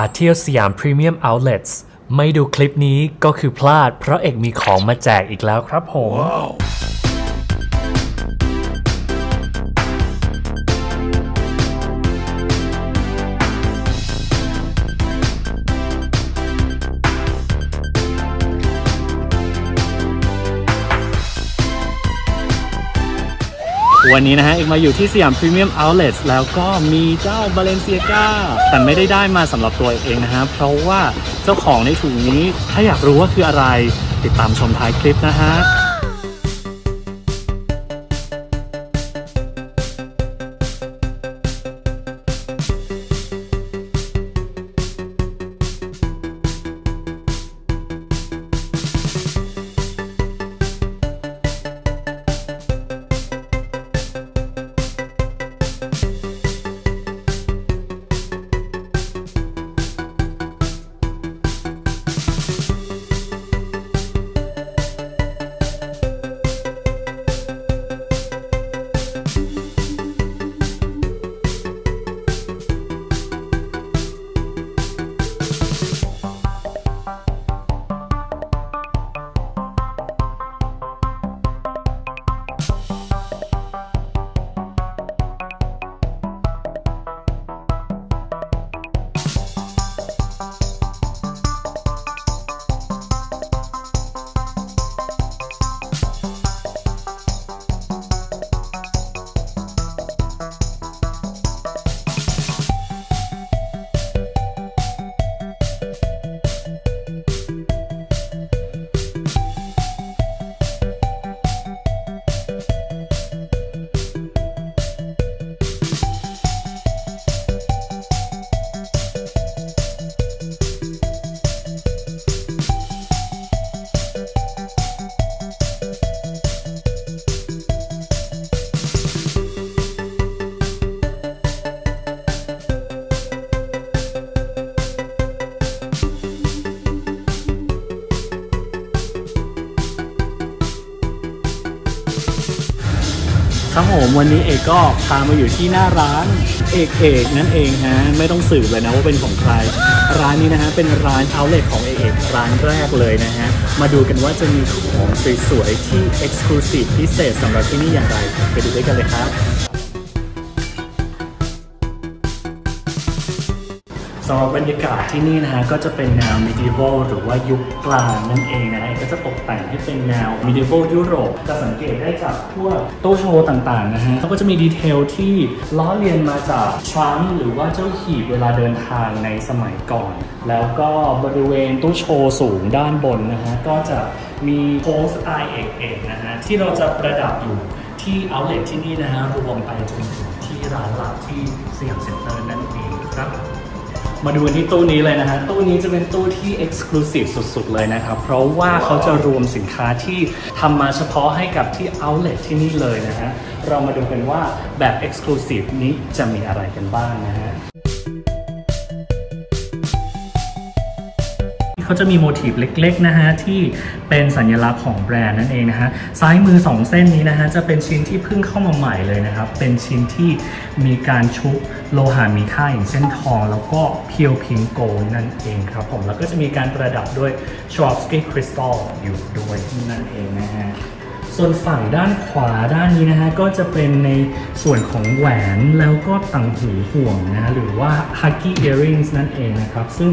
าเที่ยวสยามพรีเมียมเอาท์เลทส์ไม่ดูคลิปนี้ก็คือพลาด เพราะเอกมีของมาแจกอีกแล้วครับผม wow. วันนี้นะฮะเอกมาอยู่ที่สยามพรีเมียมเอาท์เลทแล้วก็มีเจ้าบาเลนเซียกาแต่ไม่ได้ได้มาสำหรับตัวเองนะฮะเพราะว่าเจ้าของในถุงนี้ถ้าอยากรู้ว่าคืออะไร ติดตามชมท้ายคลิปนะฮะครับผมวันนี้เอกก็พามาอยู่ที่หน้าร้านเอกเอกนั่นเองฮะไม่ต้องสืบเลยนะว่าเป็นของใคร ร้านนี้นะฮะเป็นร้านเอาเล็กของเอกเอก ร้านแรกเลยนะฮะมาดูกันว่าจะมีของสวยๆที่เอ็กซ์คลูซีฟพิเศษสำหรับที่นี่อย่างไร ไปดูด้วยกันเลยครับสำหรับบรรยากาศที่นี่นะฮะก็จะเป็นแนว medieval หรือว่ายุคกลางนั่นเองนะฮะก็จะตกแต่งให้เป็นแนว medieval ยุโรปจะสังเกตได้จากพวกโต๊ะโชว์ต่างๆนะฮะเขาก็จะมีดีเทลที่ ล้อเลียนมาจากช้ามหรือว่าเจ้าขี่เวลาเดินทางในสมัยก่อน แล้วก็บริเวณโต๊ะโชว์สูงด้านบนนะฮะก็จะมีโพสต์ i x x นะฮะ ที่เราจะประดับอยู่ที่เอาเลทที่นี่นะฮะรวมไปจนถึงที่ร้านหลักที่สยามเซ็นเตอร์นั่นเองครับมาดูที่ตู้นี้เลยนะฮะ ตู้นี้จะเป็นตู้ที่ Exclusive สุดๆ เลยนะครับ เพราะว่าเขาจะรวมสินค้าที่ทำมาเฉพาะให้กับที่ Outlet ที่นี่เลยนะฮะ เรามาดูกันว่าแบบ Exclusive นี้จะมีอะไรกันบ้างนะฮะจะมีโมทีฟเล็กๆนะฮะที่เป็นสัญลักษณ์ของแบรนด์นั่นเองนะฮะซ้ายมือ 2 เส้นนี้นะฮะจะเป็นชิ้นที่เพิ่งเข้ามาใหม่เลยนะครับเป็นชิ้นที่มีการชุบโลหะมีค่าอย่างเช่นทองแล้วก็เพียวพิงโกลนั่นเองครับผมแล้วก็จะมีการประดับด้วยชอปสกี้คริสตัลอยู่ด้วยนั่นเองนะฮะส่วนฝั่งด้านขวาด้านนี้นะฮะก็จะเป็นในส่วนของแหวนแล้วก็ต่างหูห่วงนะหรือว่า h u ก k y earrings นั่นเองนะครับซึ่ง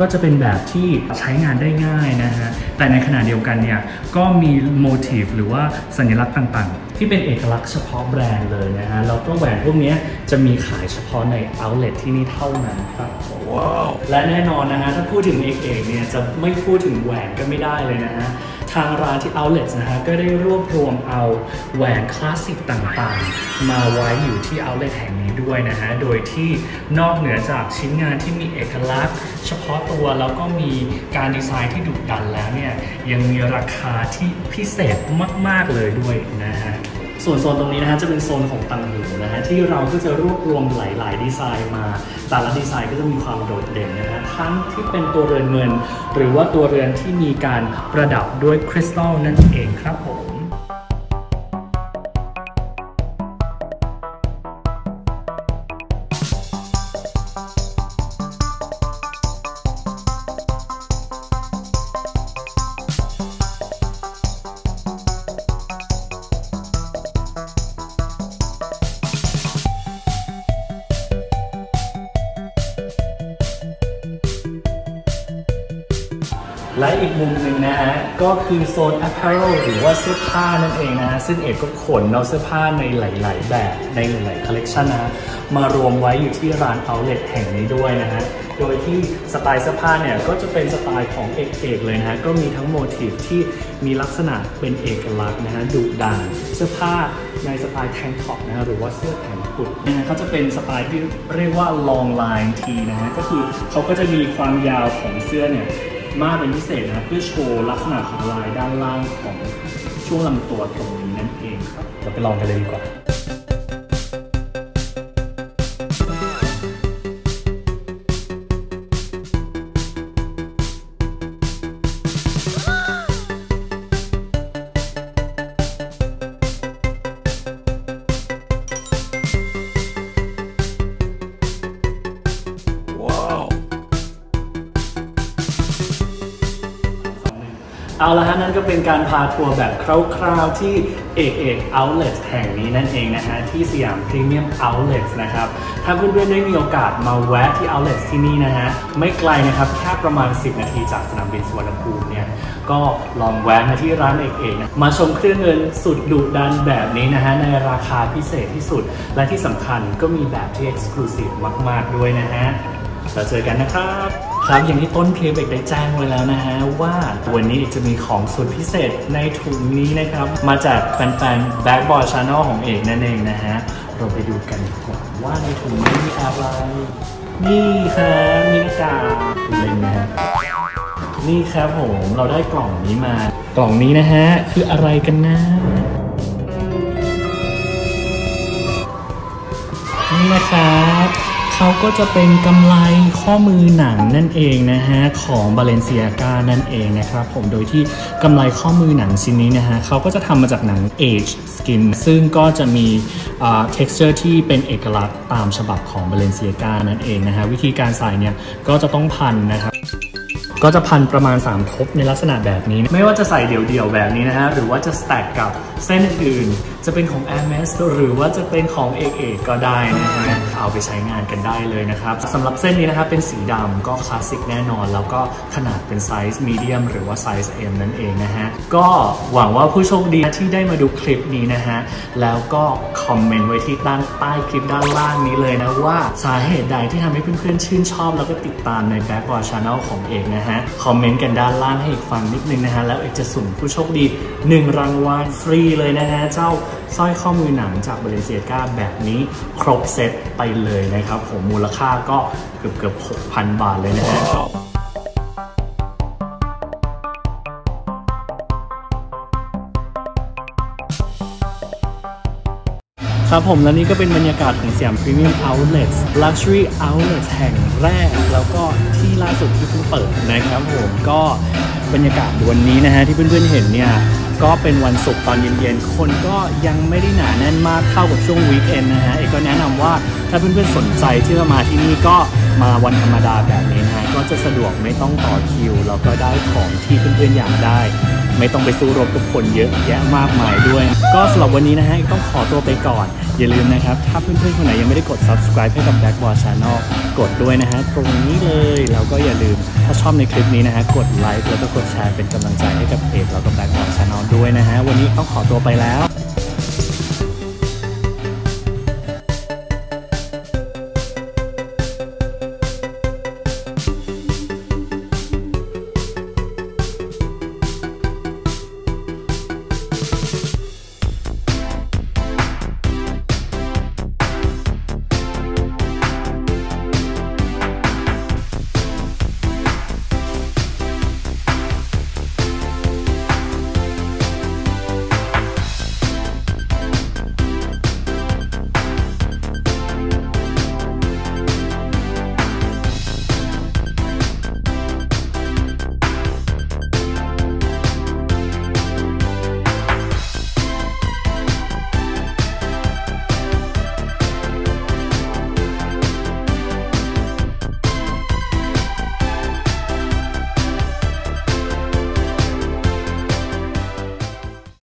ก็จะเป็นแบบที่ใช้งานได้ง่ายนะฮะ แต่ในขณะเดียวกันเนี่ยก็มีโมทีฟหรือว่าสัญลักษณ์ต่างๆ ที่เป็นเอกลักษณ์เฉพาะแบรนด์เลยนะฮะ แล้วก็แหวนพวกนี้จะมีขายเฉพาะในเอาท์เลตที่นี่เท่านั้นครับ ว้าว และแน่นอนนะฮะ ถ้าพูดถึงเอกเอกเนี่ยจะไม่พูดถึงแหวนก็ไม่ได้เลยนะฮะทางร้านที่ Outlet นะฮะก็ได้รวบรวมเอาแหวนคลาสสิกต่างๆ มาไว้อยู่ที่ Outlet แห่งนี้ด้วยนะฮะโดยที่นอกเหนือจากชิ้นงานที่มีเอกลักษณ์ เฉพาะตัว แล้วก็มีการดีไซน์ที่ดุดันแล้วเนี่ย ยังมีราคาที่พิเศษมากๆเลยด้วยนะฮะส่วนโซนตรงนี้นะฮะจะเป็นโซนของตังหูนะฮะที่เราก็จะรวบรวมหลาย ๆ ดีไซน์มา แต่ละดีไซน์ก็จะมีความโดดเด่นนะฮะทั้งที่เป็นตัวเรือนเงินหรือว่าตัวเรือนที่มีการประดับด้วยคริสตัลนั่นเองครับผมอีกมุมหนึ่งนะฮะ ก็คือโซน apparel หรือว่าเสื้อผ้านั่นเองนะซึ่งเอกก็ขนเอาเสื้อผ้าในหลาย ๆ แบบในหลายๆคอลเลกชันนะมารวมไว้อยู่ที่ร้านเอาเล็ตแห่งนี้ด้วยนะฮะโดยที่สไตล์เสื้อผ้า เนี่ย ก็จะเป็นสไตล์ของเอกเอกเลยนะฮะ ก็มีทั้งโมทีฟที่มีลักษณะเป็นเอกลักษณ์นะฮะดุดันเสื้อผ้าในสไตล์แทงท็อปนะฮะหรือว่าเสื้อแขนกุดนะฮะขาจะเป็นสไตล์ที่เรียกว่าลองไลน์ทีนะฮะก็คือเขาก็จะมีความยาวของเสื้อเนี่ยมากเป็นพิเศษนะเพื่อโชว์ลักษณะของลายด้านล่างของช่วงลำตัวตรงนี้นั่นเองครับเราไปลองกันเลยดีกว่าเอาละฮะนั่นก็เป็นการพาทัวร์แบบคร่าวๆ ที่เอกเอกเอาท์เลทแห่งนี้นั่นเองนะฮะที่สยามพรีเมียมเอาท์เลทนะครับ ถ้าเพื่อนๆได้มีโอกาสมาแวะที่เอาท์เลทที่นี่นะฮะไม่ไกลนะครับแค่ประมาณ 10 นาทีจากสนามบินสุวรรณภูมิเนี่ยก็ลองแวะมาที่ร้านเอกเอกนะมาชมเครื่องเงินสุดดุดันแบบนี้นะฮะในราคาพิเศษที่สุด และที่สำคัญก็มีแบบที่เอ็กซ์คลูซีฟมากๆด้วยนะฮะเราเจอกันนะครับครับอย่างที่ต้นคลิปเอกได้แจ้งไว้แล้วนะฮะ ว่าวันนี้เอกจะมีของสุดพิเศษในถุงนี้นะครับ มาจากแฟนๆ Blackboard Channel ของเอกนั่นเองนะฮะ เราไปดูกันดีกว่าว่าในถุงนี้มีอะไร นี่ครับมีกาเลยนะฮะนี่ครับผม เราได้กล่องนี้มากล่องนี้นะฮะ คืออะไรกันนะ นี่นะครับเขาก็จะเป็นกำไรข้อมือหนังนั่นเองนะฮะของบาเลนเซียกานั่นเองนะครับผมโดยที่กำไรข้อมือหนังชิ้นนี้นะฮะเขาก็จะทำมาจากหนัง age skin ซึ่งก็จะมี texture ที่เป็นเอกลักษณ์ตามฉบับของบาเลนเซียกานั่นเองนะฮะวิธีการใส่เนี่ยก็จะต้องพันนะครับก็จะพันประมาณ 3 ทบในลักษณะแบบนี้ ไม่ว่าจะใส่เดี่ยวๆแบบนี้นะฮะหรือว่าจะ s แต c กกับเส้นอื่นจะเป็นของ a อ m e s หรือว่าจะเป็นของเอกเอก็ได้นะฮะ เอาไปใช้งานกันได้เลยนะครับ สำหรับเส้นนี้นะครับเป็นสีดำก็คลาสสิกแน่นอน แล้วก็ขนาดเป็นไซส์มีเดียมหรือว่าไซส์ M นั่นเองนะฮะ ก็หวังว่าผู้โชคดีที่ได้มาดูคลิปนี้นะฮะ แล้วก็คอมเมนต์ไว้ที่ด้านใต้คลิปด้านล่างนี้เลยนะว่าสาเหตุใดที่ทำให้เพื่อนๆชื่นชอบแล้วก็ติดตามในแบ็กบอร์ชานลของเอกนะฮะคอมเมนต์กันด้านล่างให้อีกฟังนิดนึงนะฮะแล้วเอกจะสุ่มผู้โชคดี 1 รางวัลฟรีเลยนะฮะเจ้าสร้อยข้อมือหนังจากบริเซียกาแบบนี้ ครบเซตไปเลยนะครับ ผมมูลค่าก็เกือบเกือบ6,000 บาทเลยนะครับครับผมและนี่ก็เป็นบรรยากาศของสยามพรีเมียมเอาท์เลทลักชัวรี่เอาท์เลทแห่งแรกแล้วก็ที่ล่าสุดที่เพิ่งเปิดนะครับผม ก็บรรยากาศวันนี้นะฮะที่เพื่อนๆเห็นเนี่ย ก็เป็นวันศุกร์ตอนเย็นๆ คนก็ยังไม่ได้หนาแน่นมากเท่ากับช่วงวีคเอนนะฮะเอกก็แนะนำว่าถ้าเพื่อนๆสนใจที่จะมาที่นี่ก็มาวันธรรมดาแบบนี้นะก็จะสะดวกไม่ต้องต่อคิวแล้วก็ได้ของที่เพื่อนๆอยากได้ ไม่ต้องไปสู้รบกับคนเยอะแยะมากมายด้วย ก็สำหรับวันนี้นะฮะต้องขอตัวไปก่อน อย่าลืมนะครับ ถ้าเพื่อนๆคนไหนยังไม่ได้กด subscribe ให้กับ b l a c k b o a Channel กดด้วยนะฮะตรงนี้เลยแล้วก็อย่าลืมถ้าชอบในคลิปนี้นะฮะกดไลค์แล้วก็กดแชร์เป็นกำลังใจให้กับเพจแล้วก็ b l a c k b o a Channel ด้วยนะฮะวันนี้ต้องขอตัวไปแล้ว